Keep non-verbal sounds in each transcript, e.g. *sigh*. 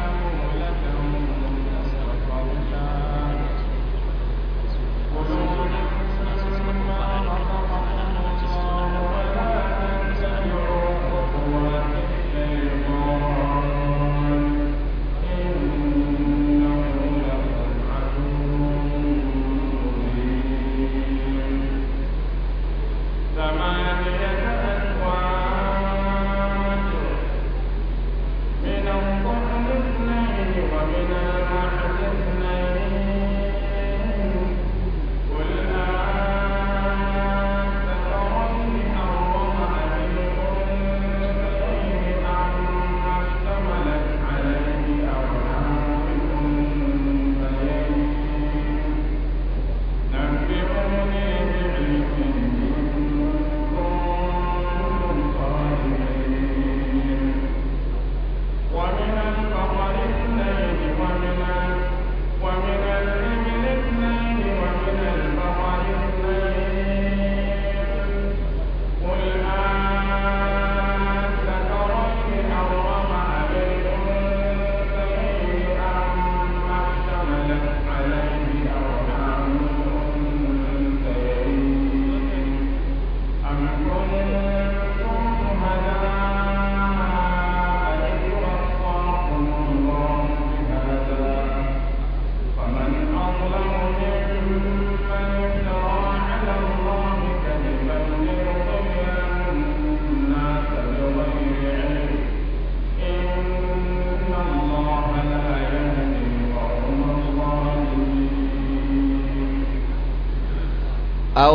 Amen.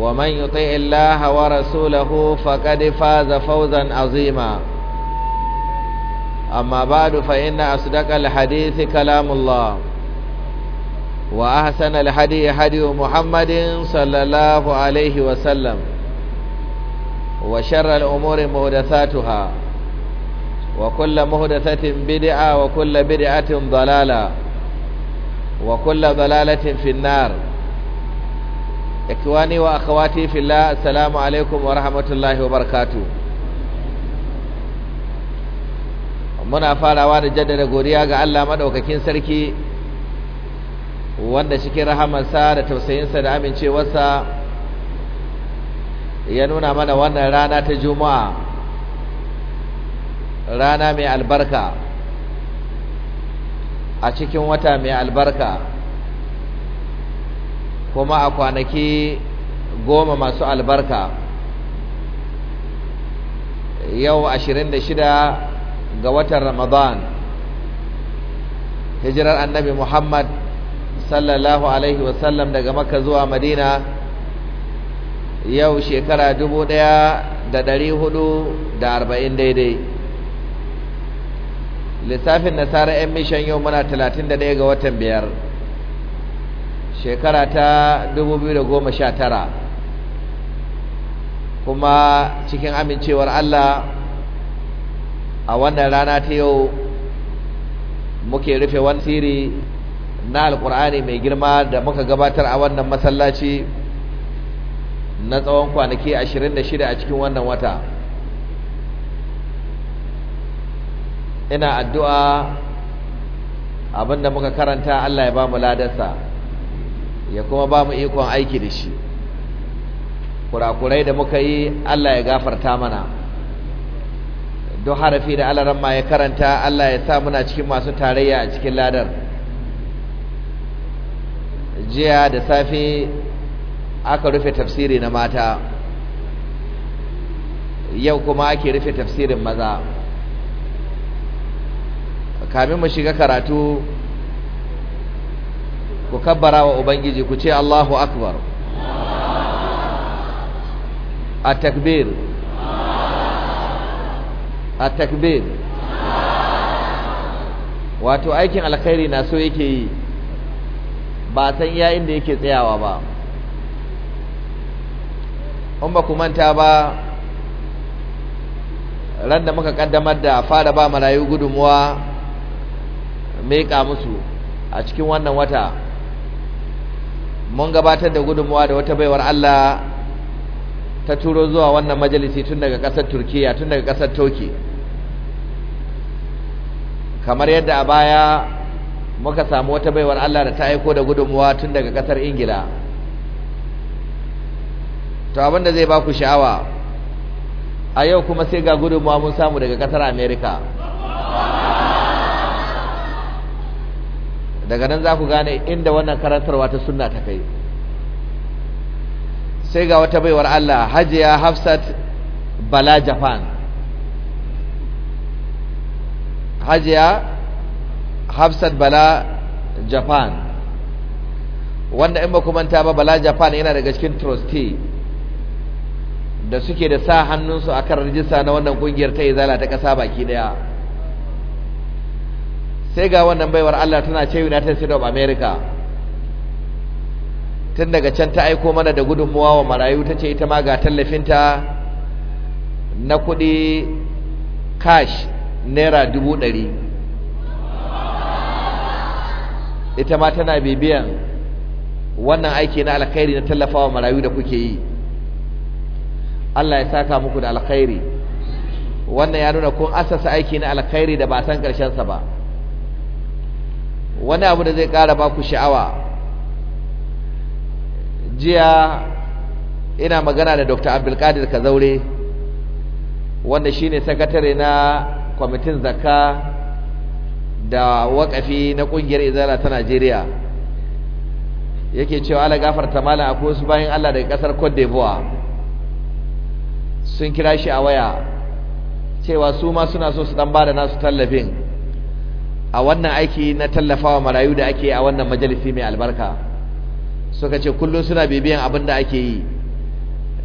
ومن يطع الله ورسوله فقد فاز فوزا عظيما أما بعد فإن أصدق الحديث كلام الله وأحسن الحدي حدي محمد صلى الله عليه وسلم وشر الأمور مهدثاتها وكل مهدثة بدعة وكل بدعة ضلالة وكل ضلالة في النار ikwani wa akhawati fillah assalamu alaikum wa rahmatullahi wa barakatuh muna farawa da jaddada godiya ga Allah madaukakin sarki wanda cikin rahamarsa da tausayinsa da amincewarsa ya nuna mana wannan rana ta juma'a rana mai albarka a cikin wata mai albarka kuma a kwanaki goma masu albarka yau 26 ga watan ramadan hijirar annabi muhammad sallallahu alaihi wasallam daga makka zuwa madina yau shekara 1440 daidai lissafin nasarar 'yan mishan yau muna 31 ga watan biyar shekara ta 2019 kuma cikin amincewar Allah a wannan rana ta yau muke rufe wani siri na alkur'ani mai girma da muka gabatar a wannan masallaci na tsawon kwanaki 26 a cikin wannan wata ina addu'a abinda muka karanta Allah ya ba mu ladarsa ya kuma ba mu ikon aiki da shi kurakurai da muka yi Allah ya gafarta mana duk harafi da alaran ma ya karanta Allah ya sa muna cikin masu tarayya a cikin ladar jiya da safe aka rufe tafsiri na mata yau kuma ake rufe tafsirin maza kamin mu shiga karatu ku kabbara wa ubangiji ku ce Allahu akbar a takbir. wato aikin alkhairi na so yake yi ba san ya inda yake tsayawa ba in ba ku manta ba ran da muka kaddamar da fara ba marayu gudunmuwa meka musu a cikin wannan wata mun gabatar da gudunmuwa da wata baiwar Allah ta turo zuwa wannan majalisi tun daga ƙasar Turkiya tun daga ƙasar Toki kamar yadda a baya muka samu wata baiwar Allah da ta aiko da gudunmuwa tun daga ƙasar Ingila to abin da zai ba ku sha'awa a yau kuma sai ga gudunmuwa mun samu daga ƙasar America daga nan za ku gane inda wannan karantarwa ta sunna ta kai sai ga wata baiwar Allah hajiya hafsat bala japan hajiya hafsat bala japan wanda in ba ku manta ba bala japan yana daga cikin trustee da suke da sa hannunsu a kan rijista na wannan kungiyar ta izala ta ƙasa baki daya sai ga wannan baiwar Allah tana ce United States of America tun daga can ta aiko mana da gudunmuwa wa marayu ta ce ita ma ga tallafinta na kuɗi cash naira dubu ɗari ita ma tana bibiyan wannan aiki na alkhairi na tallafa wa marayu da kuke yi Allah ya saka muku da alkhairi wannan ya nuna kun asasa aiki na alkhairi da ba san ƙarshensa ba wani abu da zai kara ba ku sha'awa jiya ina magana da dr abdulkadir kazaure wanda shine sakatare na kwamitin zakka da wakafi na ƙungiyar izala ta najeriya yake cewa ala gafarta malam a kusa bayan allah daga ƙasar cote d'ivoire sun kira shi a waya cewa su ma suna so su dan ba da nasu tallafin a wannan aiki na tallafawa marayu da ake a wannan majalisi mai albarka suka ce kullum suna bibiyan abin da ake yi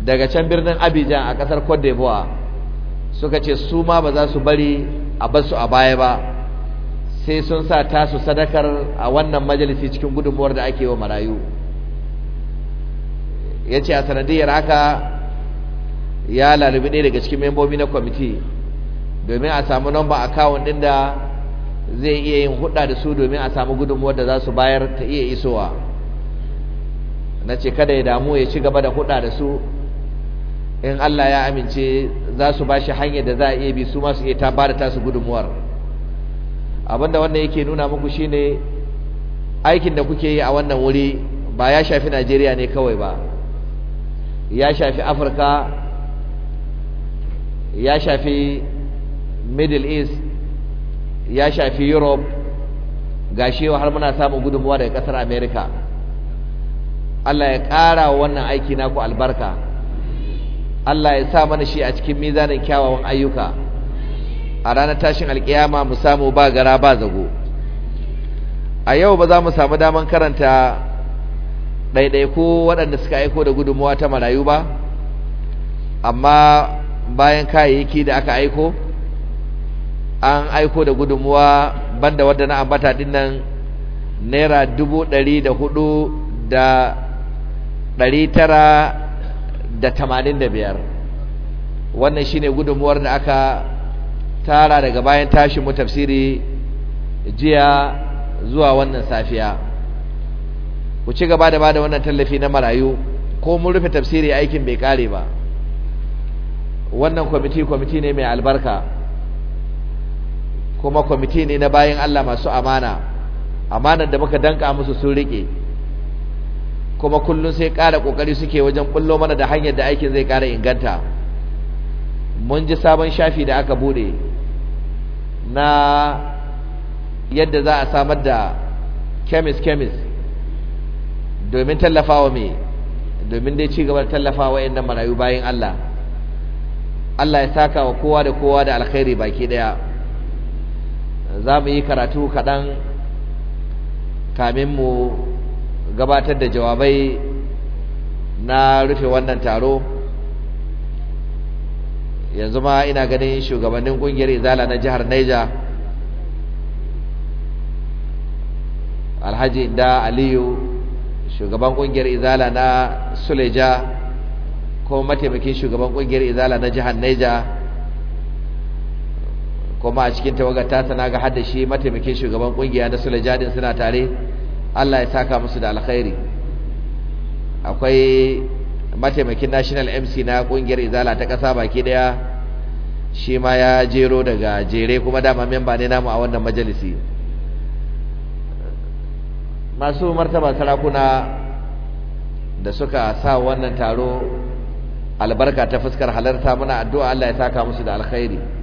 daga can birnin Abijan a ƙasar Cote d'Ivoire suka ce su ma ba za su bari a su a baya ba sai sun sa tasu sadakar a wannan majalisi cikin gudunmuwar da ake wa marayu ya ce a sanadiyar haka ya lalubi ɗaya daga cikin membobi na kwamiti domin a samu nomba akawun ɗin da zai iya yin hudda da su domin a samu gudunmuwar da za su bayar ta iya isowa na ce kada ya damu ya ci gaba da hudda da su in Allah ya amince za su ba shi hanyar da za a iya bi su masu iya ta ba da tasu gudunmuwar abinda wannan yake nuna muku shine aikin da kuke yi a wannan wuri ba ya shafi Najeriya ne kawai ba ya shafi Afirka ya shafi Middle East ya shafi europe Ga gashi har muna samun gudunmuwa daga kasar america Allah ya ƙara wa wannan aiki naku albarka Allah ya sa mana shi a cikin mizanin kyawawan ayyuka a ranar tashin alkiyama mu samu ba gara ba zago a yau ba za mu samu daman karanta ko waɗanda suka aiko da gudunmuwa ta marayu ba amma bayan kayayyaki da aka aiko an aiko da gudunmuwa banda wadda na ambata din nan naira dubu ɗari da hudu da ɗari tara da tamanin da biyar wannan shine gudunmuwar da aka tara daga bayan tashin mu tafsiri jiya zuwa wannan safiya ku ci gaba da bada wannan tallafi na marayu ko mun rufe tafsiri aikin bai kare ba wannan kwamiti kwamiti ne mai albarka kuma kwamiti ne na bayan Allah masu amana amanar da muka danka musu sun riƙe kuma kullum sai ƙara ƙoƙari suke wajen ƙullo mana da hanyar da aikin zai ƙara inganta mun ji sabon shafi da aka bude na yadda za a samar da kemis-kemis domin tallafawa mai domin dai ci gaba da tallafawa yadda marayu bayan Allah Allah ya saka wa kowa da kowa da alkhairi baki ɗaya. za mu yi karatu kaɗan kamin mu gabatar da jawabai na rufe wannan taro yanzu ma ina ganin shugabannin ƙungiyar izala na jihar Neja alhaji da aliyu shugaban ƙungiyar izala na suleja kuma mataimakin shugaban ƙungiyar izala na jihar Neja. kuma a cikin tawaga ta sana ga hada shi mataimakin shugaban kungiya na sule jadin suna tare Allah ya saka musu da alkhairi akwai mataimakin national mc na kungiyar izala ta kasa baki daya shi ma ya jero daga jere kuma dama memba ne namu a wannan majalisi masu martaba sarakuna da suka sa wannan taro albarka ta fuskar halarta muna addu'a Allah ya saka musu da alkhairi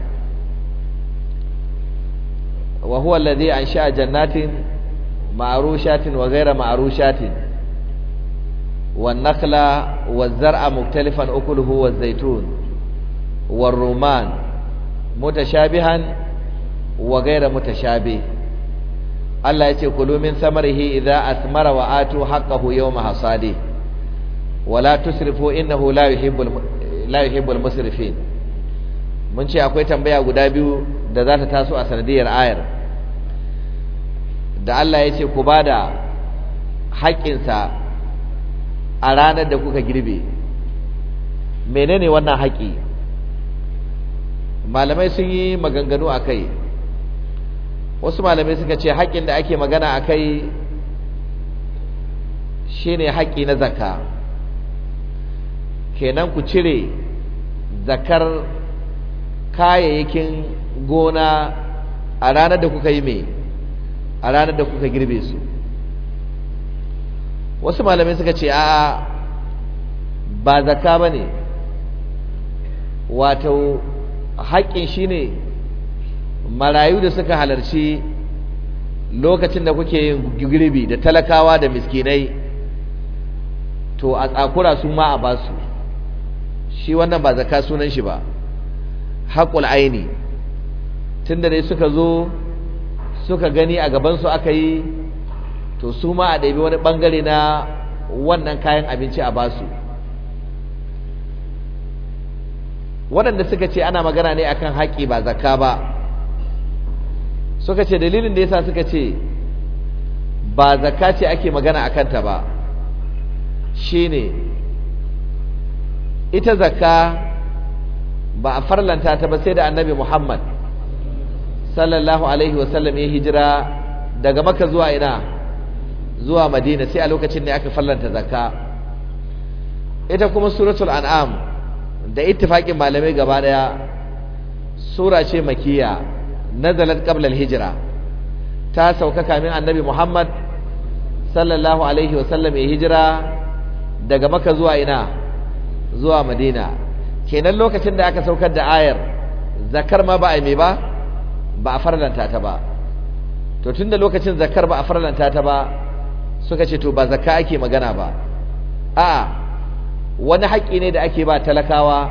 wa zai alladhi a jannatin ma'rushatin wa ghayra ma'rushatin wan nakhla waz zar'a muktalifan ukuluhu waz zaitun war rumman mutashabihan wa ghayra mutashabih Allah yace kulu min samarihi idza asmara wa atu haqqahu yawma hasadi wa la tusrifu innahu mun ce akwai tambaya guda biyu da za ta taso a sanadiyar ayar da Allah ya ce ku ba da haƙƙinsa a ranar da kuka girbe menene wannan haƙƙi malamai sun yi maganganu a kai wasu malamai suka ce haƙƙin da ake magana a kai shi ne haƙƙi na zakka kenan ku cire zakar kayayyakin gona a ranar da kuka yi mai a ranar da kuka girbe su wasu malamai suka ce a ba zaka ba ne wato haƙƙin shi ne marayu da suka halarci lokacin da kuke yin girbi da talakawa da miskinai to a tsakura su ma a basu shi wannan ba zaka sunan shi ba haƙul aini tunda dai suka zo suka gani a gabansu aka yi to su ma a ɗabi wani ɓangare na wannan kayan abinci a basu waɗanda suka ce ana magana ne akan haƙi ba zakka ba suka ce dalilin da yasa suka ce ba zakka ce ake magana a kanta ba shine ita zakka ba a farlanta ta ba sai da annabi muhammad sallallahu alaihi wasallam ya hijira daga maka zuwa ina zuwa madina sai a lokacin ne aka fallanta zakka ita kuma suratul an'am da ittifaqin malamai gaba daya sura ce makiyya nazalat qabla al-hijra ta sauka kamin annabi muhammad sallallahu alaihi wasallam ya hijira daga maka zuwa ina zuwa madina kenan lokacin da aka saukar da ayar zakar ma ba a mai ba ba a farlanta ta ba to tunda lokacin zakar ba a farlanta ta ba suka ce to ba zakka ake magana ba a wani haƙƙi ne da ake ba talakawa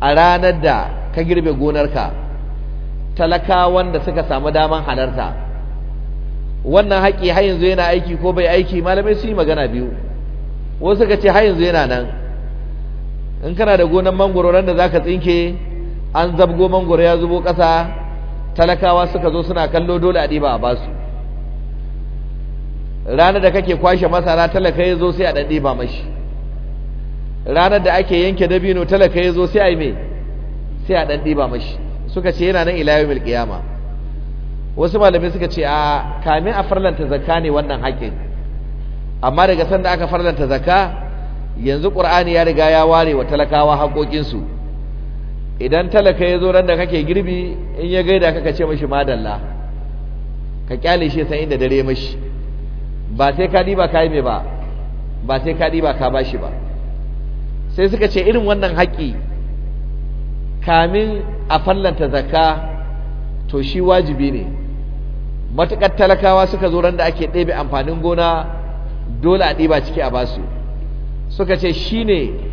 a ranar da ka girbe gonarka talakawan da suka samu daman halarta wannan haƙƙi har yanzu yana aiki ko bai aiki malamai su yi magana biyu wasu suka ce har yanzu yana nan in kana da gonar mangoro ran da zaka tsinke an zabgo mangoro ya zubo ƙasa talakawa suka zo suna kallo dole a ɗiba a basu ranar da kake kwashe masara talaka ya zo sai a ɗan ɗiba mashi ranar da ake yanke dabino talaka ya zo sai a yi mai sai a ɗan ɗiba mashi suka ce yana nan ilayoyi milkiyama wasu malamai suka ce a kamin a farlanta zakka ne wannan haƙƙin amma daga sanda aka farlanta zakka yanzu ƙur'ani ya riga ya ware wa talakawa haƙoƙinsu idan talaka ya zo ran da kake girbi in ya gaida ka ce mashi madalla ka kyale shi san inda dare mashi ba sai ka diba ka yi mai ba ba sai ka diba ka bashi ba sai suka ce irin wannan haƙƙi kamin a fallanta zakka to shi wajibi ne matuƙar talakawa suka zo ran da ake ɗebe amfanin gona dole a ɗiba ciki a basu suka ce shi ne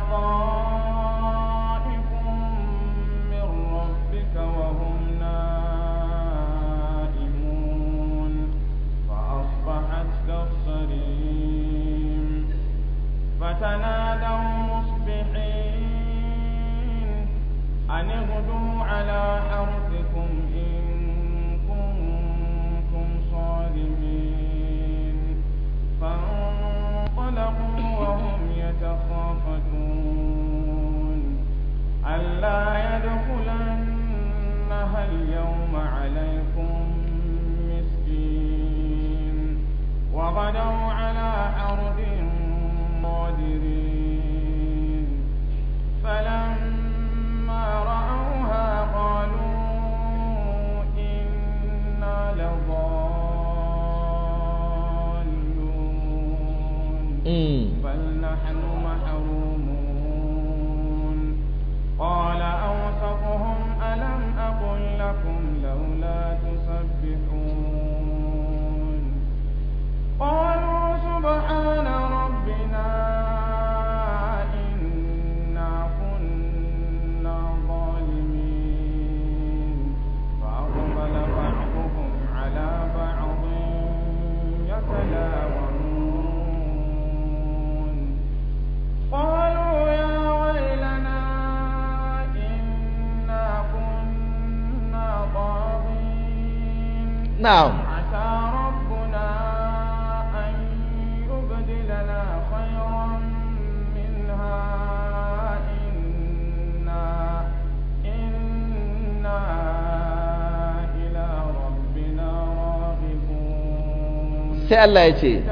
sai Allah ya ce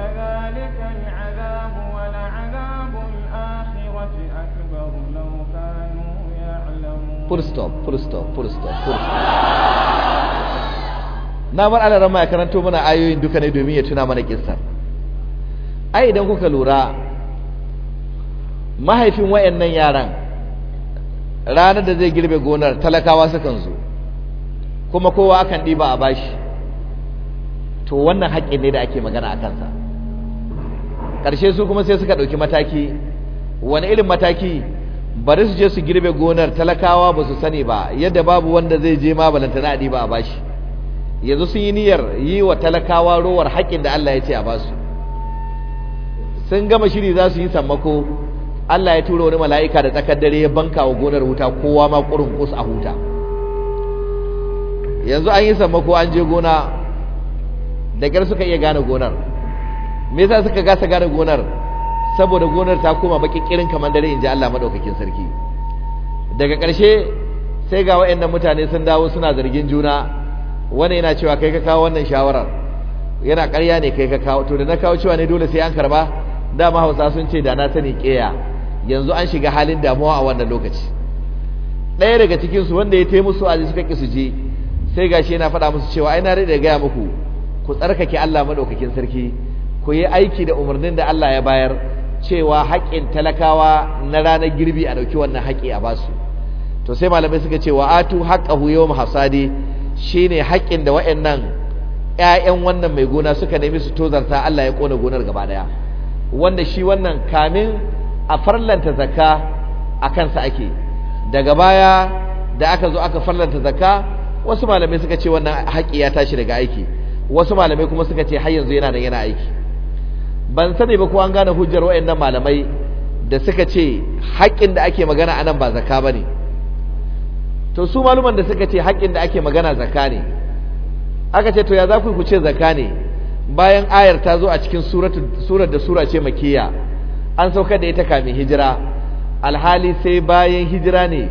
full stop na bar alaran ma ya karanto mana ayoyin duka ne domin ya tuna mana kissar ai idan kuka lura mahaifin wayannan yaran ranar da zai girbe gonar talakawa sukan zo kuma kowa akan ɗiba a bashi to wannan haƙƙin ne da ake magana a kansa ƙarshe su kuma sai suka ɗauki mataki wani irin mataki bari su je su girbe gonar talakawa ba su sani ba yadda babu wanda zai je ma balantana a ba a bashi yanzu sun yi niyyar yi wa talakawa rowar haƙƙin da Allah ya ce a basu sun gama shiri za su yi sammako Allah ya tura wani mala'ika da tsakar dare ya banka wa gonar wuta kowa ma ƙurin kus a huta yanzu an yi sammako an je gona da gar suka iya gane gonar me yasa suka gasa gane gonar saboda gonar ta koma baki kirin kamar dare inji Allah madaukakin sarki daga ƙarshe sai ga wayannan mutane sun dawo suna zargin juna wani yana cewa kai ka kawo wannan shawarar yana ƙarya ne kai ka kawo to da na kawo cewa ne dole sai an karba dama Hausa sun ce da na sani keya yanzu an shiga halin damuwa a wannan lokaci ɗaya daga cikinsu wanda ya taimu su aji suka ƙi su je sai gashi yana faɗa musu cewa ai na rage gaya muku ku tsarkake Allah madaukakin sarki ku yi aiki da umarnin da Allah ya bayar cewa haƙƙin talakawa na ranar girbi a ɗauki wannan haƙƙi a basu to sai malamai suka ce wa atu haqqahu yawm hasadi shine haƙƙin da waɗannan ƴaƴan wannan mai gona suka nemi su tozarta Allah ya kona gonar gaba daya wanda shi wannan kamin a farlanta zakka a kansa ake daga baya da aka zo aka farlanta zakka wasu malamai suka ce wannan haƙƙi ya tashi daga aiki wasu malamai kuma suka ce har yanzu yana da yana aiki ban sani ba ko an gane hujjar wayannan malamai da suka ce haƙƙin da ake magana anan ba zakka bane to su maluman da suka ce haƙƙin da ake magana zakka ne aka ce to ya za ku ku ce zakka ne bayan ayar ta zo a cikin surar da sura ce makiyya an sauka da ita kamin hijira alhali sai bayan hijira ne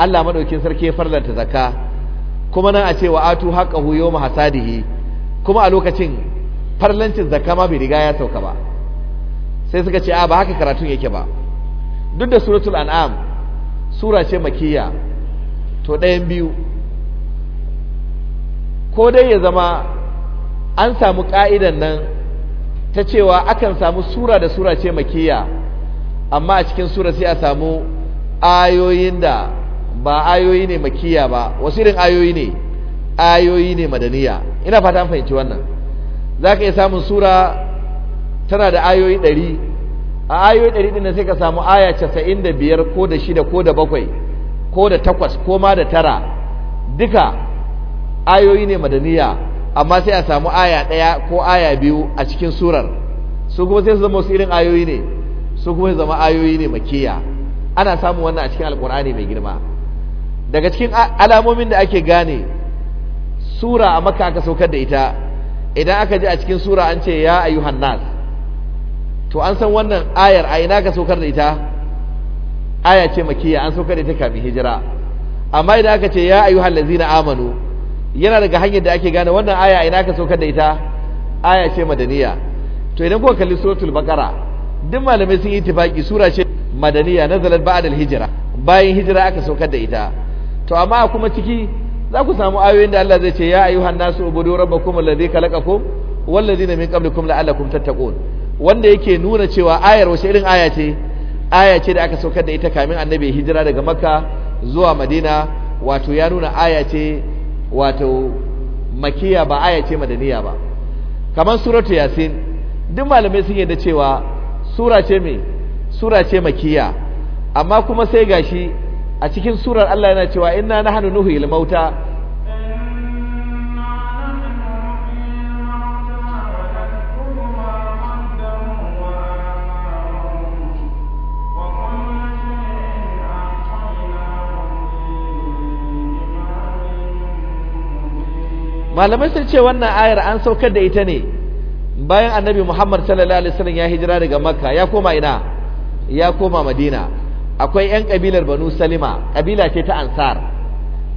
Allah madaukin sarki ya farlanta zakka kuma nan a ce wa atu haqqahu yawma hasadihi kuma a lokacin farlancin zakka ma bai riga ya sauka ba sai suka ce a ba haka karatun yake ba duk da suratul an'am sura ce makiyya to ɗayan biyu ko dai ya zama an samu ƙa'idan nan ta cewa akan samu sura da sura ce makiyya amma a cikin sura sai a samu ayoyin da ba ayoyi ne makiyya ba wasu irin ayoyi ne ayoyi ne madaniya ina fata an fahimci wannan za ka iya samun sura tana da ayoyi ɗari a ayoyi ɗari ɗin sai ka samu aya casa'in da biyar ko da shida ko da bakwai ko da takwas ko ma da tara duka ayoyi ne madaniya amma sai a samu aya ɗaya ko aya biyu a cikin surar su kuma sai su zama wasu irin ayoyi ne su kuma zama ayoyi ne makiya ana samun wannan a cikin alkur'ani mai girma daga cikin alamomin da ake gane sura a makka aka saukar da ita idan aka ji a cikin sura an ce ya ayyuhan nas to an san wannan ayar a ina ka saukar da ita aya ce makiyya an saukar da ita kafin hijira amma idan aka ce ya ayyuhan Lazina amanu yana daga hanyar da ake gane wannan aya a ina ka saukar da ita aya ce madaniya to idan kuka kalli suratul baqara duk malamai sun yi tifaki sura ce madaniya nazalat ba'da al-hijra bayan hijira aka saukar da ita to amma kuma ciki za ku samu ayoyin da Allah zai ce ya ayyuhan nasu ubudu rabbakum alladhi khalaqakum wallazina min qablikum la'allakum tattaqun wanda yake nuna cewa ayar wace irin ayace, ce da aka saukar da ita kamin annabi hijira daga makka zuwa madina wato ya nuna aya wato makiya ba aya madaniya ba kamar suratu yasin duk malamai sun yarda cewa sura ce mai sura ce makiya amma kuma sai gashi a cikin surar Allah yana cewa inna nahnu nuhyil mauta malamai sun ce wannan ayar an saukar da ita ne bayan annabi muhammad sallallahu alaihi wasallam ya hijira daga makka ya koma ina ya koma madina akwai 'yan kabilar banu salima kabila ce ta ansar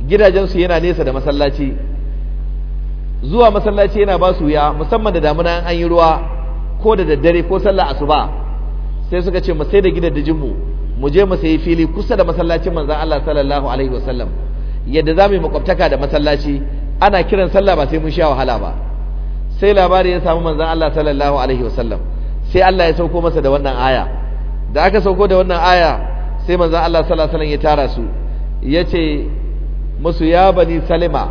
gidajensu yana nesa da masallaci zuwa masallaci yana ba su wuya musamman da damuna an yi ruwa ko da daddare ko sallah asuba sai suka ce mu sai da gidajenmu mu je mu sayi fili kusa da masallacin manzon Allah sallallahu alaihi wasallam yadda za mu yi makwabtaka da masallaci ana kiran sallah ba sai mun sha wahala ba sai labari ya samu manzon Allah sallallahu alaihi wasallam sai Allah ya sauko masa da wannan aya da aka sauko da wannan aya sai manzan Allah sallallahu alaihi ya tara su Ya ce musu ya bani salima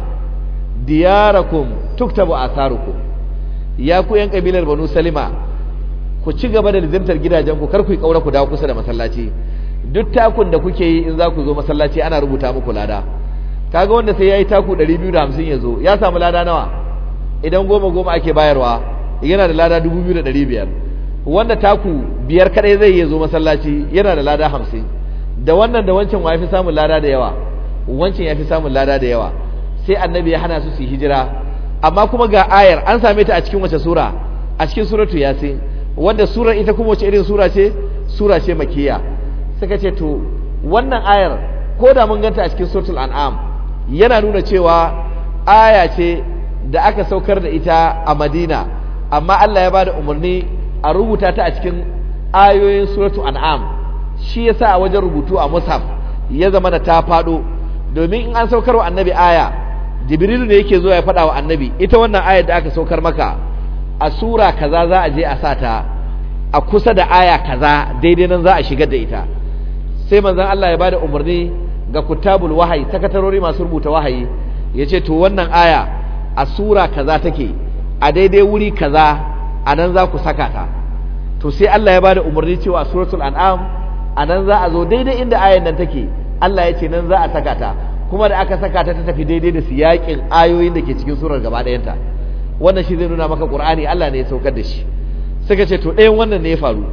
diyarakum tuktabu atharukum ya ku yan kabilar banu salima ku ci gaba da lizimtar gidajen ku kar ku kaura ku dawo kusa da masallaci duk takun da kuke yi in za ku zo masallaci ana rubuta muku lada kaga wanda sai yayi taku 250 ya zo ya samu lada nawa idan goma goma ake bayarwa yana da lada 2500 wanda taku biyar kadai zai iya zo masallaci yana da lada 50 da wannan da wancan wa fi samun lada da yawa wancan ya fi samun lada da yawa sai annabi ya hana su su hijira amma kuma ga ayar an same ta a cikin wace sura a cikin suratu yasin wanda surar ita kuma wace irin sura ce sura ce makiyya suka ce to wannan ayar ko da mun ganta a cikin suratul an'am yana nuna cewa aya ce da aka saukar da ita a madina amma Allah ya bada umarni a rubuta ta a cikin ayoyin suratul an'am shi ya sa a wajen rubutu a Musaf ya zama da ta fado domin in an saukar wa annabi aya jibrilu ne yake zuwa ya faɗa wa annabi ita wannan ayar da aka saukar maka a sura kaza za a je a sa ta a kusa da aya kaza daidai nan za a shigar da ita sai manzon Allah ya ba da umarni ga kutabul wahayi sakatarori masu rubuta wahayi Ya ce to wannan aya a sura kaza take a daidai wuri kaza a nan za ku saka ta to sai Allah ya ba da umarni cewa suratul an'am a nan za a zo daidai inda ayan nan take Allah ya ce nan za a saka ta kuma da aka saka ta ta tafi daidai da siyakin ayoyin da ke cikin surar gaba ta. wannan shi zai nuna maka qur'ani Allah ne ya saukar da shi suka ce to ɗayan wannan ne ya faru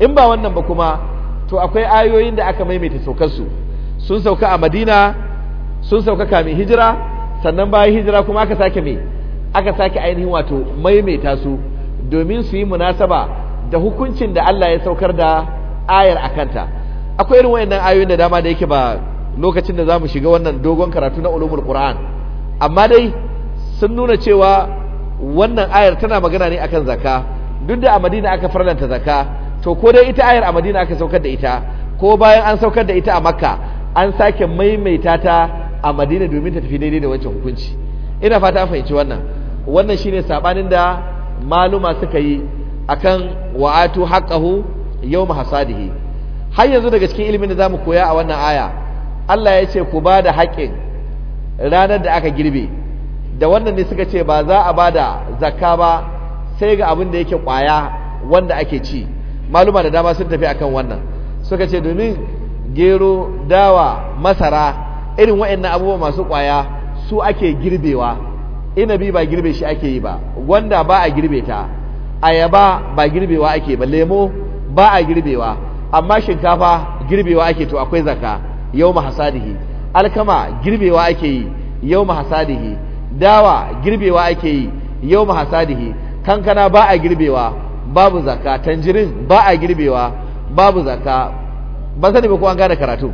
in ba wannan ba kuma to akwai ayoyin da aka maimaita saukar su sun sauka a Madina sun sauka kamin hijira sannan bayan hijira kuma aka sake me aka sake ainihin wato maimaita su domin su yi munasaba da hukuncin da Allah ya saukar da ayar a kanta akwai irin wayannan ayoyin da dama da yake ba lokacin da zamu shiga wannan dogon karatu na ulumul qur'an amma dai sun nuna cewa wannan ayar tana magana ne akan zaka duk da a Madina aka farlanta zaka to ko dai ita ayar a Madina aka saukar da ita ko bayan an saukar da ita a Makka an sake maimaita ta a Madina domin ta tafi daidai da wancan hukunci ina fata an fahimci wannan wannan shine sabanin da maluma suka yi akan wa'atu haqqahu yau hasadihi har yanzu daga cikin ilimin da za mu koya a wannan aya Allah ya ce ku ba da haƙƙin ranar da aka girbe da wannan ne suka ce ba za a ba da zakka ba sai ga abin da yake ƙwaya wanda ake ci maluma da dama sun tafi akan wannan suka ce domin gero dawa masara irin wa'annan abubuwa masu ƙwaya su ake girbewa inabi ba girbe shi ake yi ba gwanda ba a girbe ta ayaba ba girbewa ake ba lemo ba a girbewa amma shinkafa girbewa ake to akwai zaka yau hasadihi alkama girbewa ake yi yau hasadihi dawa girbewa ake yi yau hasadihi kankana ba a girbewa babu zaka tanjirin ba a girbewa babu zaka ba sani ba ko an gane karatu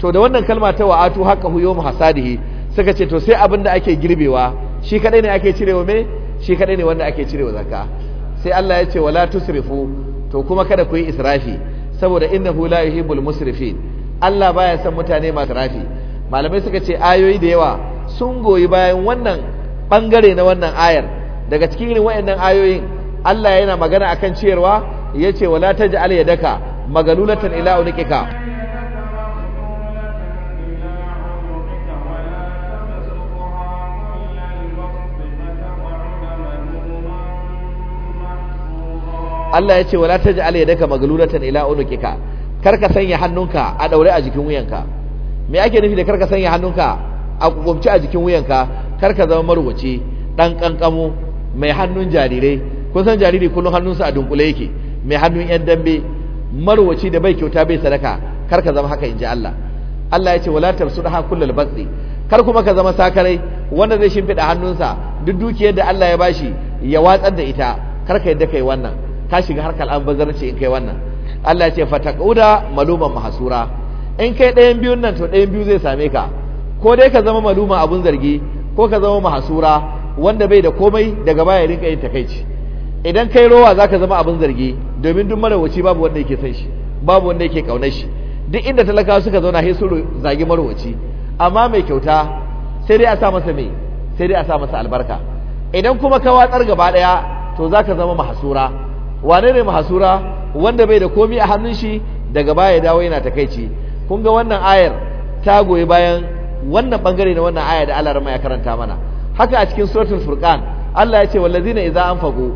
to da wannan kalma ta wa'atu haka hu yau hasadihi suka ce to sai abin da ake girbewa shi kadai ne ake cirewa me shi kadai ne wanda ake cirewa zaka sai Allah ya ce wala tusrifu to kuma kada ku yi israfi saboda innahu la yuhibbul musrifin Allah baya son mutane masu rafi malamai suka ce ayoyi da yawa sun goyi bayan wannan bangare na wannan ayar daga cikin irin wayannan ayoyin Allah yana magana akan ciyarwa yace wala taj'al yadaka magalulatan ila unikika Allah ya ce wala alai yadaka maglulatan ila unukika kar ka sanya hannunka a daure a jikin wuyanka me ake nufi da karka sanya hannunka a kukumci a jikin wuyanka karka karka zama marwaci dan kankamo mai hannun jarirai kun san jariri kullun hannunsa a dunkule yake mai hannun yan dambe marwaci da bai kyauta bai sadaka karka zama haka inji Allah Allah ya ce wala tabsudaha kullal batsi kar kuma ka zama sakarai wanda zai shimfida hannunsa duk dukiyar da Allah ya bashi ya watsar da ita kar ka yadda kai wannan ka shiga harkar bazarci in kai wannan Allah ya ce fataqauda maluman mahsura in kai ɗayan biyun nan to ɗayan biyu zai same ka ko dai ka zama maluma abun zargi ko ka zama mahsura wanda bai da komai daga baya rinka yin takeici idan kai rowa zaka zama abun zargi domin duk marawaci babu wanda yake san shi babu wanda yake kaunar shi duk inda talakawa suka zauna sai su zagi marawaci amma mai kyauta sai dai a sa masa mai sai dai a sa masa albarka idan kuma ka watsar gaba daya to zaka zama mahsura wane ne mahasura wanda bai da komi a hannun shi daga baya dawo yana takaici kun ga wannan ayar ta goyi bayan wannan bangare na wannan aya da Allah rama ya karanta mana haka a cikin suratul furqan Allah ya ce wallazina idza anfaqu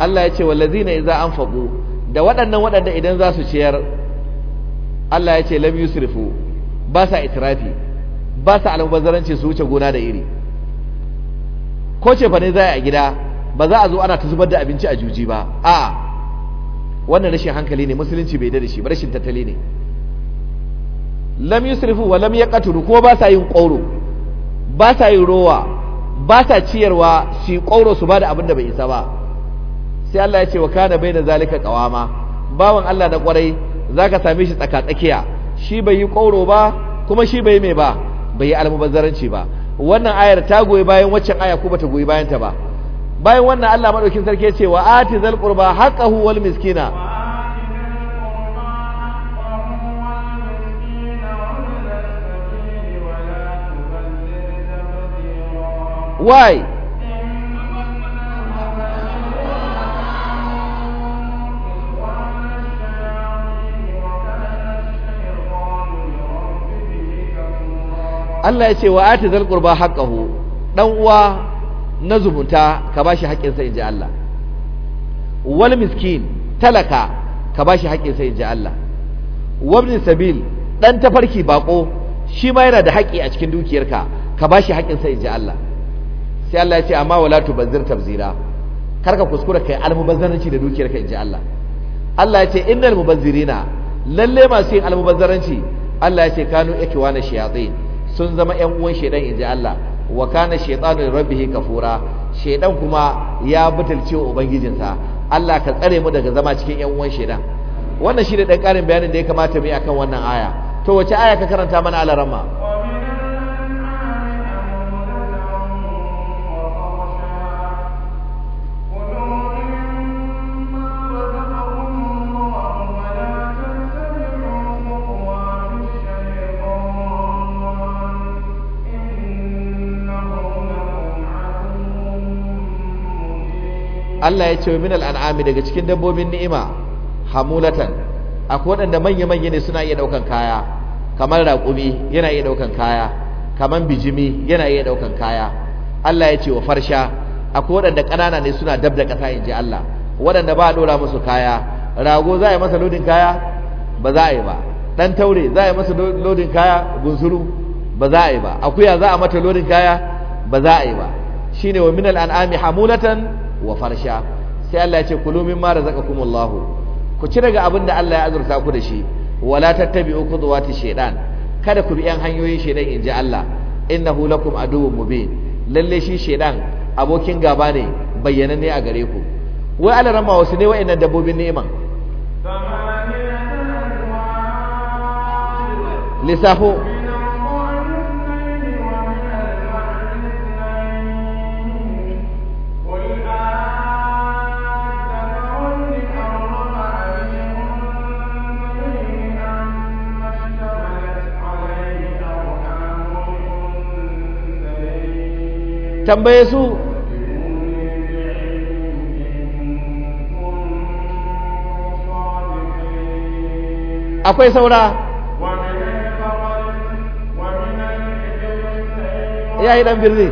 Allah ya ce wallazina idza anfaqu da waɗannan waɗanda idan za su ciyar Allah ya ce lamu yusrifu ba sa itirafi ba sa almubazzaranci su wuce gona da iri ko ce fa ne za a gida ba za a zo ana ta zubar da abinci a juji ba a wannan rashin hankali ne musulunci bai da shi ba rashin tattali ne lam yusrifu wa lam yaqturu ko ba sa yin ƙauro ba sa yin rowa ba sa ciyarwa shi ƙauro su ba da abin da bai isa ba sai Allah ya ce wa kana baina zalika qawama bawan Allah na kwarai za ka same shi tsakatsakiya shi bai yi ƙoro ba kuma shi bai mai ba bai yi almubazzaranci ba wannan ayar ta goyi bayan waccan aya ko bata goyi bayan ta ba bayan wannan Allah madaukin sarki ya ce wa ati zal qurba haqqahu wal miskina why Allah ya ce wa ati zal qurba haqqahu dan uwa na zumunta ka bashi haƙƙin sa inji Allah wal miskin talaka ka bashi haƙƙin sa inji Allah wabni sabil dan tafarki bako shi ma yana da haƙƙi a cikin dukiyarka ka bashi haƙƙin sa inji Allah sai Allah ya ce amma wala tubazzir tabzira karka kuskura kai almubazzaranci da dukiyarka inji Allah Allah ya ce innal mubazzirina lalle masu yin almubazzaranci Allah ya ce kanu ikiwana shayatin sun zama yan uwan shaidan ji Allah wa kana shaytanu li ka kafura shaidan kuma ya butulce ubangijinsa Allah ka tsare mu daga zama cikin ƴan uwan shaidan wannan shi da ɗan ƙarin bayanin da ya kamata mu yi akan wannan aya to wace aya ka karanta mana alarama Allah ya ce wa minal an'ami daga cikin dabbobin ni'ima hamulatan akwai waɗanda manya-manya ne suna iya ɗaukan kaya kamar raƙumi yana iya ɗaukan kaya kamar bijimi yana iya ɗaukan kaya Allah ya ce wa farsha akwai waɗanda ƙanana ne suna dab da ƙasa in ji Allah waɗanda ba a ɗora musu kaya rago za a yi masa lodin kaya ba za a yi ba ɗan taure za a yi masa lodin kaya gunsuru ba za a yi ba akuya za a mata lodin kaya ba za a yi ba shine wa minal an'ami hamulatan wa farsha sai Allah ya ce kulu mimma razaqakumullah ku ci daga abinda Allah ya azurta ku da shi wala tattabi'u khudwati shaytan kada ku bi yan hanyoyin shaytan inji Allah innahu lakum aduwwun mubin lalle shi shaytan abokin gaba ne bayyana ne a gare ku wai rama wasu ne wa'annan dabbobin neman lissafo tambaye su akwai saura ya yi ɗan birni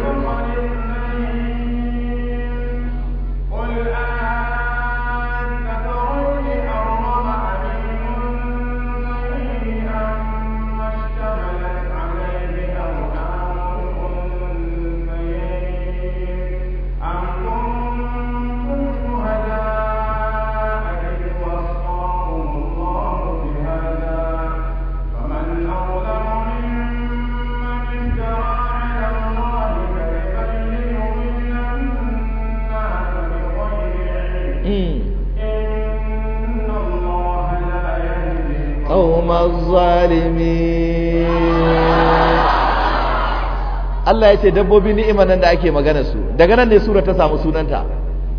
Allah ya ce dabbobi ni'imar nan da ake magana su daga nan ne sura ta samu sunanta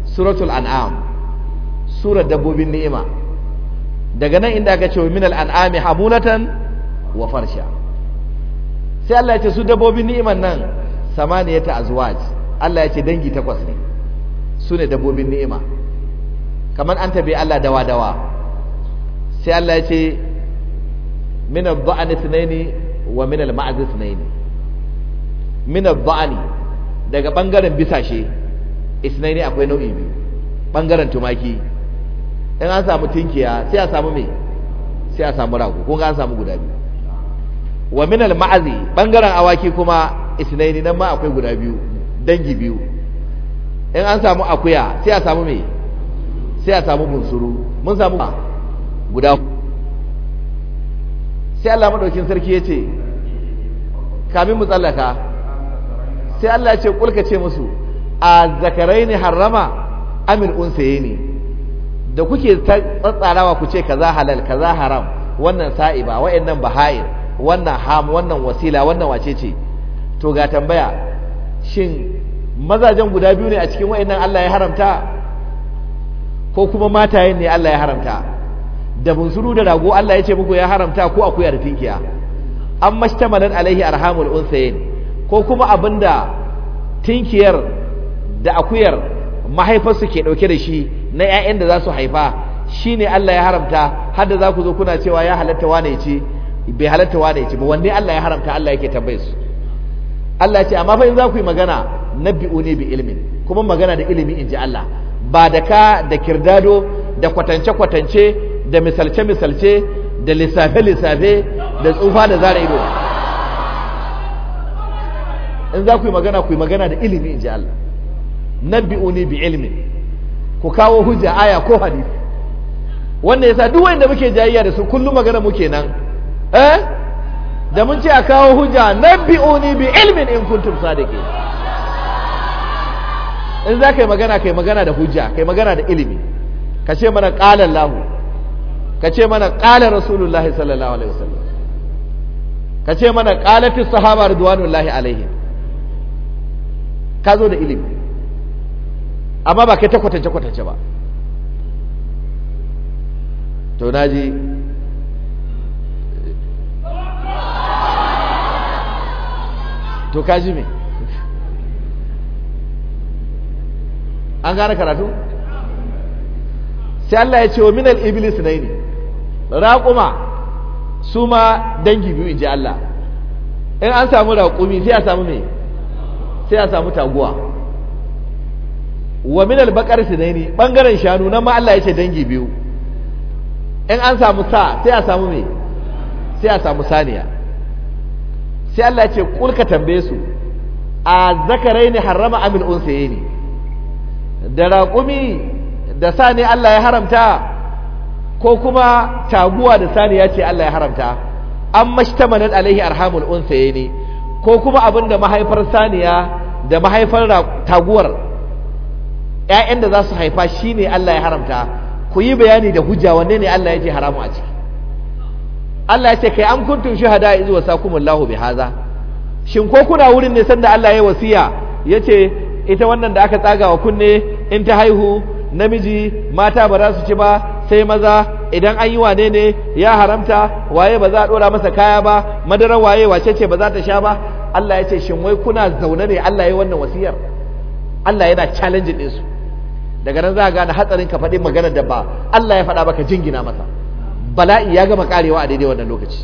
suratul an'am sura dabbobin ni'ima daga nan inda aka ce wa minal an'ami hamunatan wa farsha sai Allah ya ce su dabbobin ni'imar nan samaniyata azwaj Allah ya ce dangi takwas ne su ne dabbobin ni'ima kamar an tabi Allah dawa dawa sai Allah ya ce min al-ba'n ithnaini wa min al-ma'z ithnaini min daga bangaren bisashe ithnaini akwai nau'i biyu bangaren tumaki in an samu tinkiya sai a samu me sai a samu rago kun ga an samu guda biyu wa min al-ma'zi bangaren awaki kuma ithnaini nan ma akwai guda biyu dangi biyu in an samu akuya sai a samu me sai a samu bunsuru mun samu guda sai Allah madaukin sarki ya ce kamin mu tsallaka sai Allah ya ce kulka ce musu a zakarai ne harrama amin unsaye ne da kuke tsatsarawa ku ce kaza halal kaza haram wannan sa'iba wa'annan baha'ir wannan ham wannan wasila wannan wacece to ga tambaya shin mazajen guda biyu ne a cikin wa'annan Allah ya haramta ko kuma mataye ne Allah ya haramta da bunsuru da rago Allah ya ce muku ya haramta ko akuya da tinkiya an mashtamalan alaihi arhamul unsayin ko kuma abinda tinkiyar da akuyar mahaifarsu ke dauke da shi na ƴaƴan da za su haifa shine Allah ya haramta har da za ku zo kuna cewa ya halatta wane ya ce bai halatta wane ya ce ba wanne Allah ya haramta Allah yake tambaye su Allah ya ce amma fa in za ku yi magana ne bi ilmin kuma magana da ilimi in ji Allah ba da ka da kirdado da kwatance-kwatance da misalce-misalce da lissafe-lissafe da tsufa da zara ido in za ku yi magana ku yi magana da ilimi in ji Allah Nan bi ilimi, ku kawo hujja aya ko hadisi wannan yasa duk wanda muke jayayya da su kullum magana muke nan eh da mun ce a kawo hujja nan bi ilimin in kuntum sadiqin in za ka yi magana ka yi magana da hujja ka yi magana da ilimi ka ce mana ƙalan lahu ka ce mana ƙala rasulullahi sallallahu alaihi wasallam ka ce mana ƙalati sahaba ridwanullahi alaihi ka zo da ilimi amma ba kai ta kwatance kwatance ba to na ji. to ka ji me an gane karatu sai Allah ya ce wa minal iblis ne raƙuma su ma dangi biyu in ji Allah in an samu raƙumi sai a samu mai sai a samu taguwa wa min ne ne ɓangaren shanu nan ma Allah ya ce dangi biyu in an samu sa sai a samu mai sai a samu saniya sai Allah ya ce kulka tambaye su a zakarai ne harrama amin unsaye ne da raƙumi da sa ne Allah ya haramta ko kuma taguwa da saniya ce Allah ya haramta an mashtamalat alaihi arhamul ya ne ko kuma abin da mahaifar saniya da mahaifar taguwar ƴaƴan da za su haifa shi ne Allah ya haramta ku yi bayani da hujja wanne ne Allah ya ce haramu a ciki Allah ya ce kai an kuntum shuhada iz bi haza. shin ko kuna wurin ne sanda Allah ya wasiya ce ita wannan da aka tsaga wa kunne in ta haihu namiji mata ba za su ci ba sai maza idan an yi wane ne ya haramta waye ba za a dora masa kaya ba madarar waye wace ce ba za ta sha ba Allah ya ce shin wai kuna zaune ne Allah ya yi wannan wasiyar Allah yana challenge din daga nan za ka gane hatsarin ka faɗi maganar da ba Allah ya faɗa baka jingina masa bala'i ya gama karewa a daidai wannan lokaci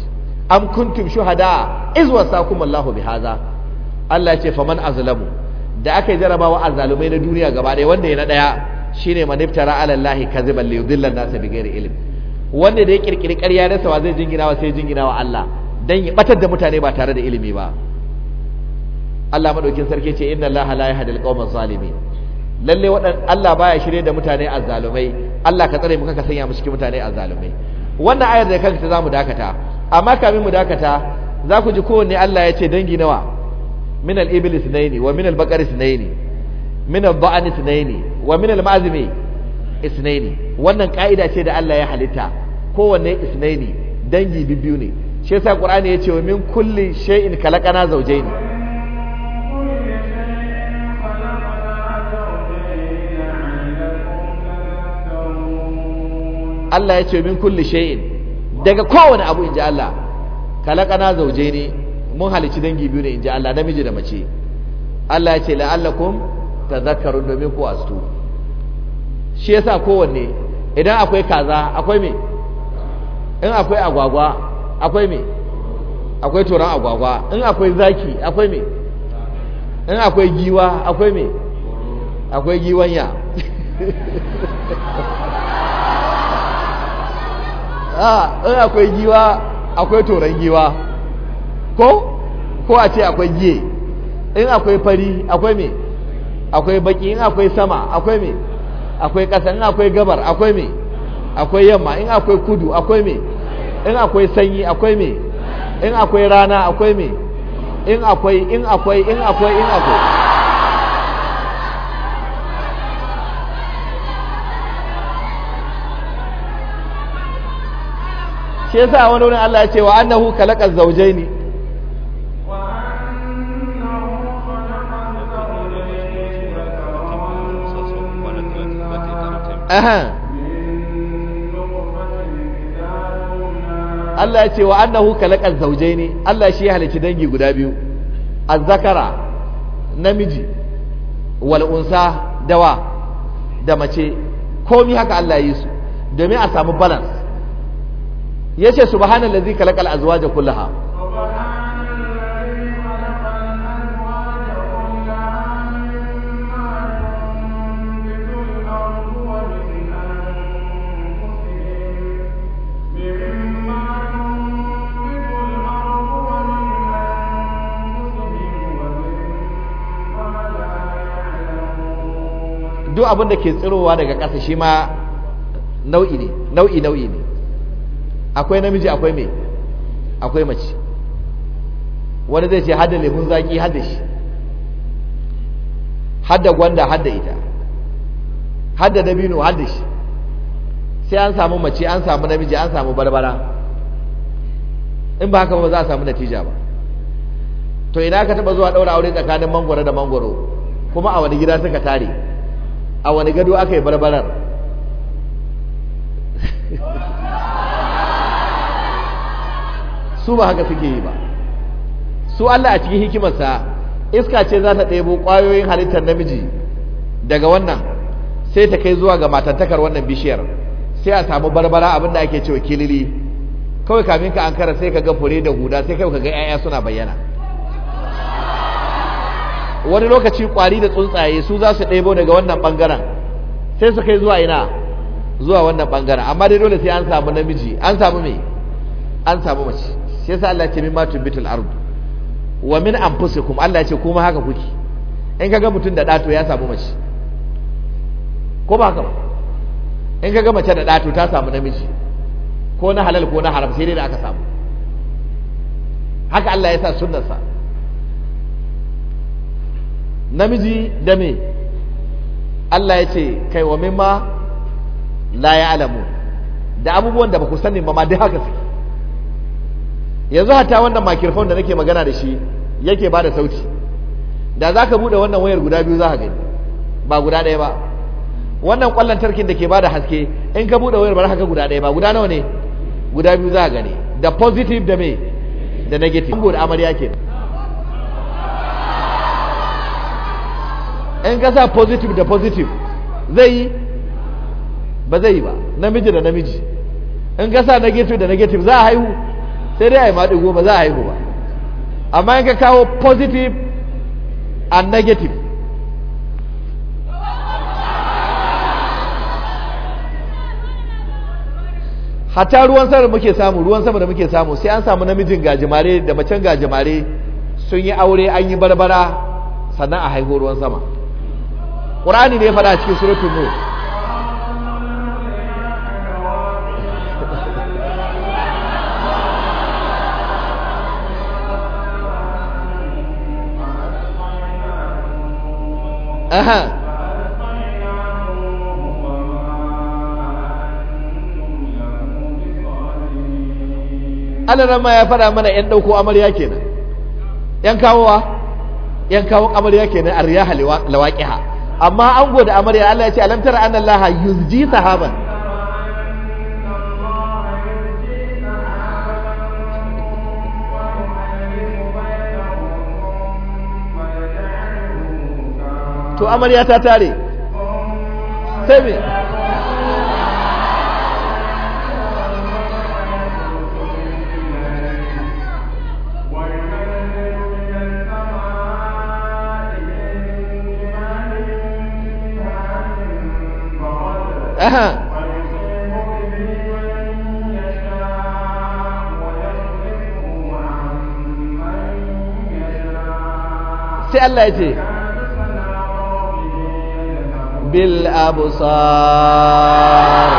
am kuntum shuhada iz wasakum Allahu bihaza Allah ya ce faman azlamu da aka yi jarabawa azzalumai na duniya gaba ɗaya wanda ya na ɗaya shine man iftara ala allahi kaziban li yudilla an-nasa bighairi ilm wanda da ya kirkiri ƙarya da sawa zai jingina wa sai jingina wa Allah dan ya batar da mutane ba tare da ilimi ba Allah madaukin sarki ce inna allaha la yahdil qawma zalimin lalle wadan Allah baya shirye da mutane azzalumai Allah ka tsare mu kanka sanya mu cikin mutane azzalumai wannan ayar da kanka zamu dakata amma kamin mu dakata za ku ji kowanne Allah ya ce dangi nawa min al-iblis nayni wa min al-baqari nayni من ad اثنين ومن wa min wannan kaida ce da Allah ya halitta kowanne isnaini dangi bibiyu ne shi yasa qur'ani ya wa min kulli shay'in kalaqana zawjayn Allah ya ce min kulli shay'in daga kowane abu inji Allah kalaqana zauje ne mun halici dangi biyu ne inji Allah namiji da mace Allah ya ce la'allakum tazakkarun domin ku astu shi yasa kowanne idan akwai kaza akwai me in akwai agwagwa akwai me akwai turan agwagwa in akwai zaki akwai me in akwai giwa akwai me akwai giwanya *laughs* ah, in akwai giwa akwai turan giwa ko ko a ce akwai giye in akwai fari akwai me akwai baki in akwai sama akwai me akwai ƙasa in akwai gabar akwai me akwai yamma in akwai kudu akwai me in akwai sanyi akwai me in akwai rana akwai me in akwai in akwai in akwai in akwai shi yasa wani wurin Allah ya ce wa annahu khalaqa zawjaini Allah ya ce wa annahu zaujai ne Allah shi ya halici dangi guda biyu zakara namiji wal'unsa dawa da mace komi haka Allah ya yi su domin a samu balance yace subhanallazi kalaqal azwaja kullaha duk abin da ke tsirowa daga ƙasa shi ma nau'i ne nau'i nau'i ne akwai namiji akwai mai akwai mace wani zai ce hada lemun zaki hada shi hada gwanda hada ita hada dabino hada shi sai an samu mace an samu namiji an samu barbara in ba haka ba za a samu natija ba to ina ka taba zuwa daura aure tsakanin mangoro da mangoro kuma a wani gida suka tare a wani gado aka yi barbarar su ba haka suke yi ba su Allah a cikin hikimarsa iska ce za ta ɗebo ƙwayoyin halittar namiji daga wannan sai ta kai zuwa ga matantakar wannan bishiyar sai a samu barbara abinda ake cewa kilili kawai kamin ka an kara sai ka ga fure da huda sai kawai ka ga 'ya'ya suna bayyana wani lokaci kwari da tsuntsaye su za su ɗebo daga wannan ɓangaren sai su kai zuwa ina zuwa wannan ɓangaren amma dai dole sai an samu namiji an samu mai, an samu mace sai sa Allah ya ce min ma tumbitul ard wa min anfusikum Allah ya ce kuma haka kuke in kaga mutum da ɗato ya samu mace ko ba haka ba in kaga mace da ɗato ta samu namiji ko na halal ko na haram sai dai da aka samu haka Allah ya sa sunnarsa namiji da me Allah ya ce kai wa mimma la ya alamu da abubuwan da ba ku sani ba ma dai haka suke yanzu hata wannan makirfon da nake magana da shi yake ba da sauti da za ka buɗe wannan wayar guda biyu za ka gani ba guda ɗaya ba wannan ƙwallon tarkin da ke ba da haske in ka buɗe wayar ba haka guda ɗaya ba guda nawa ne guda biyu za ka gani da positive da me da negative. Ango da amarya kenan. in ka sa positive da positive zai yi ba zai yi ba namiji da namiji in ka sa negative da negative za a haihu sai dai a yi maɗi ba za a haihu ba amma in ka kawo positive and negative hatta ruwan sama da muke samu ruwan sama da muke samu sai an samu namijin gajimare da macen gajimare sun yi aure an yi barbara sannan a haihu ruwan sama ƙurani ne faɗa cikin suratun nur aha alaran ma ya fada mana yan ɗauko amarya kenan yan kawowa yan kawo amarya kenan a halawa ƙiha amma an da amarya Allah ya ce alam tara Allah yuzji sahaban to amarya ta tare sai me sai Allah ya ce bil abusar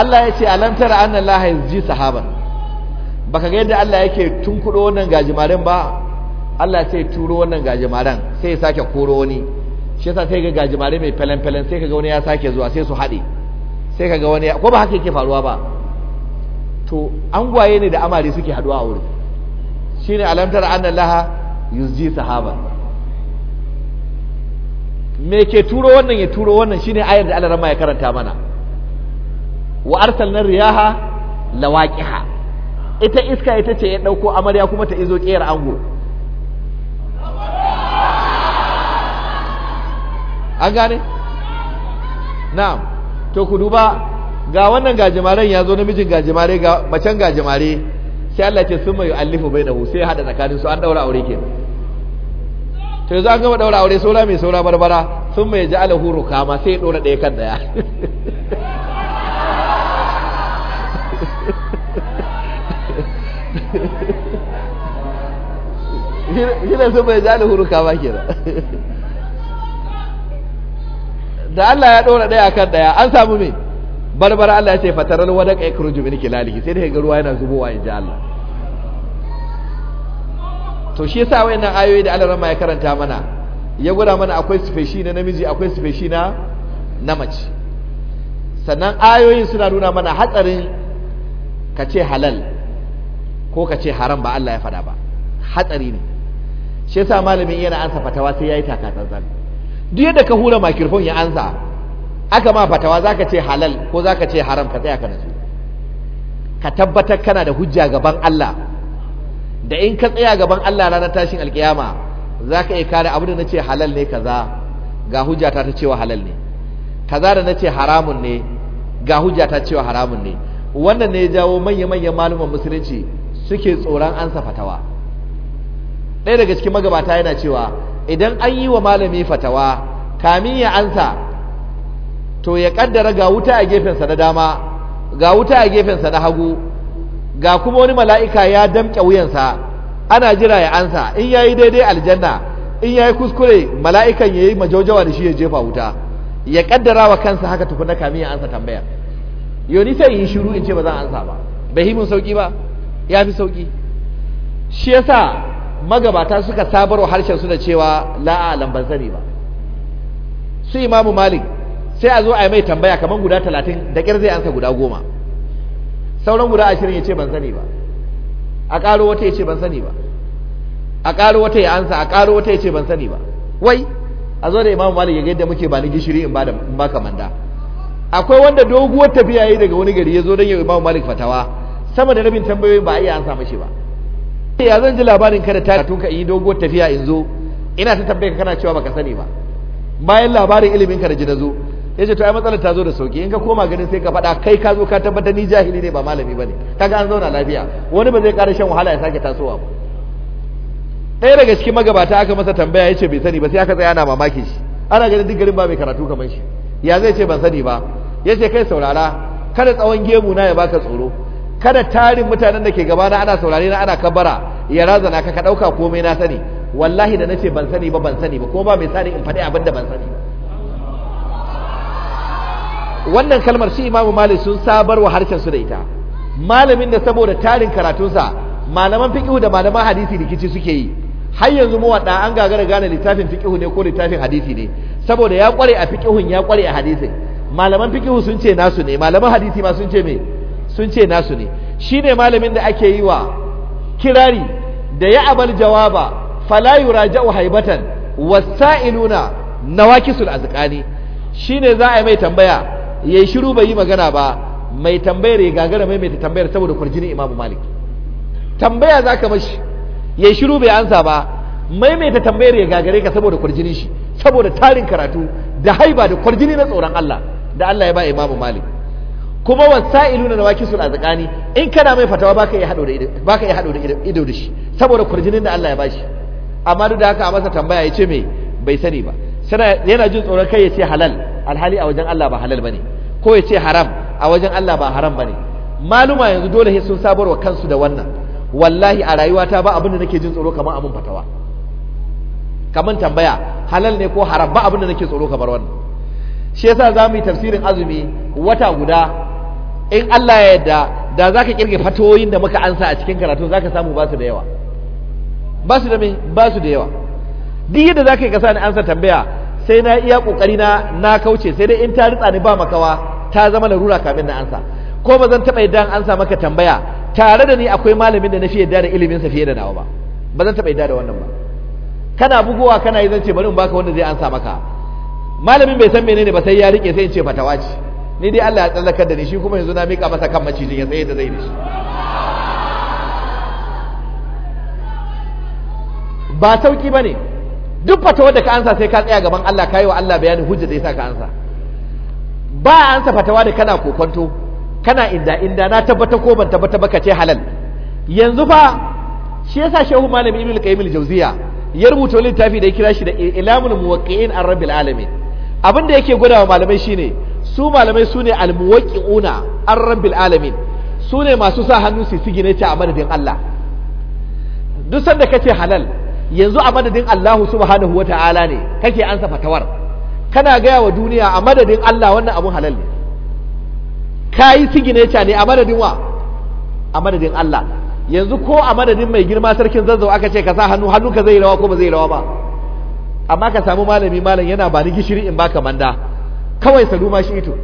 Allah ya ce alantar an Allah ya ji sahaban baka ga yadda Allah yake tunkudo wannan gajimarin ba Allah sai turo wannan gajimaren sai ya sake koro wani shi yasa sai ga gajimare mai falen-falen sai kaga wani ya sake zuwa sai su haɗe sai kaga wani ko ba haka yake faruwa ba to gwaye ne da amare suke haɗuwa a wurin shine alamtar annan laha yuzji sahaba me ke turo wannan ya turo wannan shine ayar da Allah ya karanta mana wa arsalna riyaha lawaqiha ita iska ita ce ya dauko amarya kuma ta izo kiyar ango an gane na'am to ku duba ga wannan gajimaren ya zo namijin gajimare ga macen gajimare sai Allah ce sun mai allifu bai da sai hada tsakanin su an daura aure kenan to yanzu an gama daura aure saura mai saura barbara sun mai ji alahu rukama sai ya ɗora ɗaya kan daya *laughs* shi sun mai ji alahu rukama kenan *laughs* da Allah ya ɗora ɗaya kan ɗaya an samu me barbara Allah ya ce fataral wada kai kurju min kilali sai da ga ruwa yana zubowa in ji Allah to shi yasa wayannan ayoyi da Allah ya karanta mana ya gura mana akwai sufeshi na namiji akwai sufeshi na na mace sannan ayoyin suna nuna mana hatsarin ka ce halal ko ka ce haram ba Allah ya faɗa ba hatsari ne shi yasa malamin yana ansa fatawa sai yayi takatsantsan duk yadda ka hura microphone ya ansa aka ma fatawa zaka ce halal ko zaka ce haram ka tsaya ka nasu ka tabbatar kana da hujja gaban Allah da in ka tsaya gaban Allah ranar tashin alkiyama zaka iya kare abin da nace halal ne kaza ga hujja ta ta cewa halal ne kaza da nace haramun ne ga hujja ta cewa haramun ne wannan ne ya jawo manya-manyan malaman musulunci suke tsoron ansa fatawa ɗaya daga cikin magabata yana cewa idan an yi wa malami fatawa kamin ya ansa to ya kaddara ga wuta a gefensa na dama ga wuta a gefensa na hagu ga kuma wani mala'ika ya damƙe wuyansa ana jira ya ansa in ya yi daidai aljanna in ya yi kuskure mala'ikan ya yi majaujawa da shi ya jefa wuta ya kaddara wa kansa haka tukun na kamin ya ansa tambayar yoni sai yi shiru in ce ba zan ansa ba bai himin sauki ba ya fi sauki shi yasa magabata suka sabarwa harshen su da cewa la'alam ban sani ba su imamu malik sai a zo a yi mai tambaya kamar guda talatin da ƙyar zai ansa guda goma sauran guda ashirin ya ce ban sani ba a ƙaro wata ya ce ban sani ba a ƙaro wata ya ansa a ƙaro wata ya ce ban sani ba wai a zo da imamu malik ya ga yadda muke ba ni gishiri in ba ka manda akwai wanda doguwar tafiya yi daga wani gari ya zo don ya imamu malik fatawa sama da rabin tambayoyin ba a iya ansa mashi ba ya zan ji labarin kada ta tunka yi dogo tafiya in zo ina ta tambaye kana cewa baka sani ba bayan labarin ilimin ka da ji na zo ya ce to ai matsalar ta zo da sauki in ka koma ganin sai ka faɗa kai ka zo ka tabbata ni jahili ne ba malami bane kaga an zauna lafiya wani ba zai ƙara shan wahala ya sake tasowa ba ɗaya daga cikin magabata aka masa tambaya ya ce bai sani ba sai aka tsaya ana mamaki shi ana ganin duk garin ba mai karatu kamar shi ya zai ce ban sani ba ya ce kai saurara kada tsawon gemu na ya baka tsoro kada tarin mutanen da ke gaba na ana saurare na ana kabara ya razana ka ka dauka komai na sani wallahi da nace ban sani ba ban sani ba kuma ba mai sani in faɗi abin da ban sani wannan kalmar shi imamu malik sun sabar wa harshen su da ita malamin da saboda tarin karatunsa malaman fiqhu da malaman hadisi rikici suke yi har yanzu mu wadda an gagara gane littafin fiqhu ne ko littafin hadisi ne saboda ya kware a fiqhun ya kware a hadisi malaman fiqhu sun ce nasu ne malaman hadisi ma sun ce me sun ce nasu ne shi ne malamin da ake yi wa kirari da ya abal jawaba fala jau haibatan wasa'iluna nawakisul azqani shi ne za a yi mai tambaya yi shiru bai yi magana ba mai tambayar ya gagara mai mai tambayar saboda kwarjini imamu malik tambaya za ka mashi yi shiru bai ansa ba maimaita tambayar ya gagare ka saboda kwarjinin shi saboda tarin karatu da haiba da kwarjini na tsoron Allah da Allah ya ba imamu malik kuma wasailuna na a azqani in kana mai fatawa baka iya hado da ido baka iya hado da ido da shi saboda kurjinin da Allah ya bashi amma duk da haka a masa tambaya yace me bai sani ba sana yana jin tsoron kai yace halal alhali a wajen Allah ba halal bane ko yace haram a wajen Allah ba haram bane maluma yanzu dole sun sabarwa kansu da wannan wallahi a rayuwata ba abin da nake jin tsoro kamar abin fatawa kamar tambaya halal ne ko haram ba abin da nake tsoro kamar wannan shi yasa zamu yi tafsirin azumi wata guda in Allah ya yarda da zaka kirge fatoyin da muka ansa a cikin karatu za ka samu ba su da yawa ba su da me ba su da yawa duk yadda zaka yi ka ni ansa tambaya sai na iya kokari na na kauce sai dai in ta ritsa ni ba makawa ta zama na rura kamin na ansa ko ba zan taɓa yadda ansa maka tambaya tare da ni akwai malamin da na fi yadda da iliminsa fiye da nawa ba ba zan taɓa yadda da wannan ba kana bugowa kana yi zan ce bari in baka wanda zai ansa maka malamin bai san menene ba sai ya rike sai in ce fatawa ce ni dai Allah ya tsallakar da ni shi kuma yanzu na mika masa kan macijin ya tsaye da zai ba sauki ba ne duk fata da ka ansa sai ka tsaya gaban Allah ka yi wa Allah bayanin hujja da sa ka ansa ba ansa fatawa da kana kokonto kana inda inda na tabbata ko ban tabbata ba ka ce halal yanzu fa shi yasa shehu malam ibnu al-qayyim al-jawziya ya rubuta littafi da ya kira shi da ilamul muwaqqi'in ar-rabbil alamin abin da yake gwada wa malamai shine su malamai su ne Una, an rabbil alamin su ne masu sa hannu su gine ce a madadin Allah duk sanda ka ce halal yanzu a madadin Allah subhanahu Ta'ala ne kake ansa fatawar kana gaya wa duniya a madadin Allah wannan abun halal ne kayi gine ce ne a madadin wa a madadin Allah yanzu ko a madadin mai girma sarkin zazzau aka ce ka sa hannu hannunka zai rawa ko ba zai rawa ba amma ka samu malami malam yana ba ni gishiri in baka manda kawai sa duma shi ito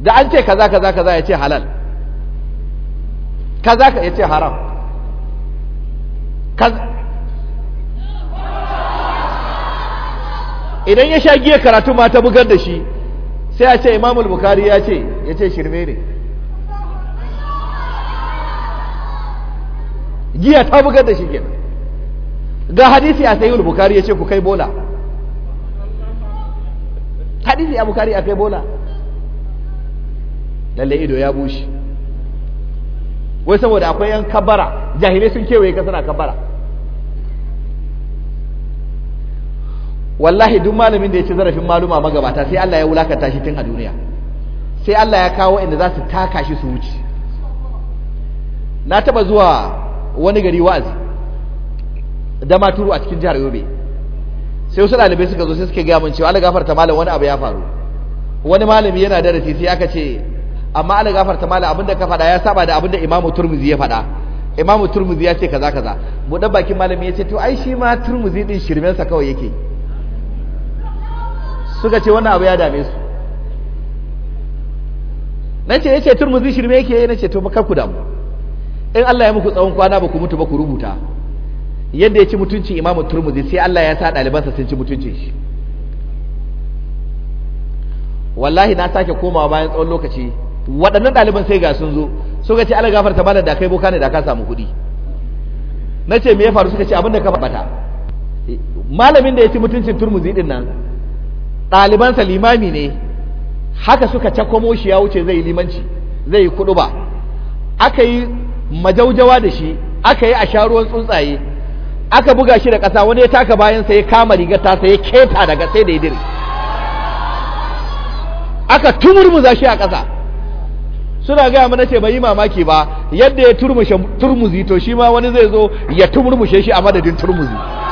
da an ce kaza kaza kaza ya ce halal kaza ka ya ce haram idan ya sha giya karatu ma ta bugar da shi sai a ce imamul bukari ya ce ya ce shirme ne giya ta bugar da shi kenan ga hadisi a sayi bukari ya ce ku kai bola hadisi abu kari akwai febola lalle ido ya bushe wai saboda akwai yan kabara jahilai sun kewaye ka suna kabara wallahi duk malamin da ya ci zarafin maluma magabata sai Allah ya wulakanta shi tun a duniya sai Allah ya kawo inda za su taka shi su wuce na taba zuwa wani gari wa'azi da maturu a cikin jihar Yobe sai wasu ɗalibai suka zo sai suke gaya min cewa ala gafarta malam wani abu ya faru wani malami yana da rafi sai aka ce amma ala gafarta malam abinda ka faɗa ya saba da abinda imamu turmizi ya faɗa imamu turmizi ya ce kaza kaza dan bakin malami ya ce to ai shi ma turmuzi din sa kawai yake suka ce wannan abu ya dame su na ce turmizi turmuzi shirme yake nace to ba kar ku damu in Allah ya muku tsawon kwana ba ku mutu ba ku rubuta yadda ya ci mutuncin imamu turmuzi sai Allah ya sa ɗalibansa sun ci mutuncin shi wallahi na sake komawa bayan tsawon lokaci waɗannan ɗaliban sai ga sun zo suka ce ala gafarta malam da kai boka ne da ka samu kuɗi na ce me ya faru suka ce abin da ka bata malamin da ya ci mutuncin turmuzi din nan ɗalibansa limami ne haka suka cakwamo shi ya wuce zai limanci zai yi kuɗu ba. aka yi majaujawa da shi aka yi a sha ruwan tsuntsaye aka buga shi da ƙasa wani ya taka bayansa ya kama rigar ta sai ya keta daga sai da ya dire aka turmuza shi a ƙasa suna gaya mana ce bai yi mamaki ba yadda ya turmushe turmuzi to shi ma wani zai zo ya tumurmushe shi a madadin turmuzi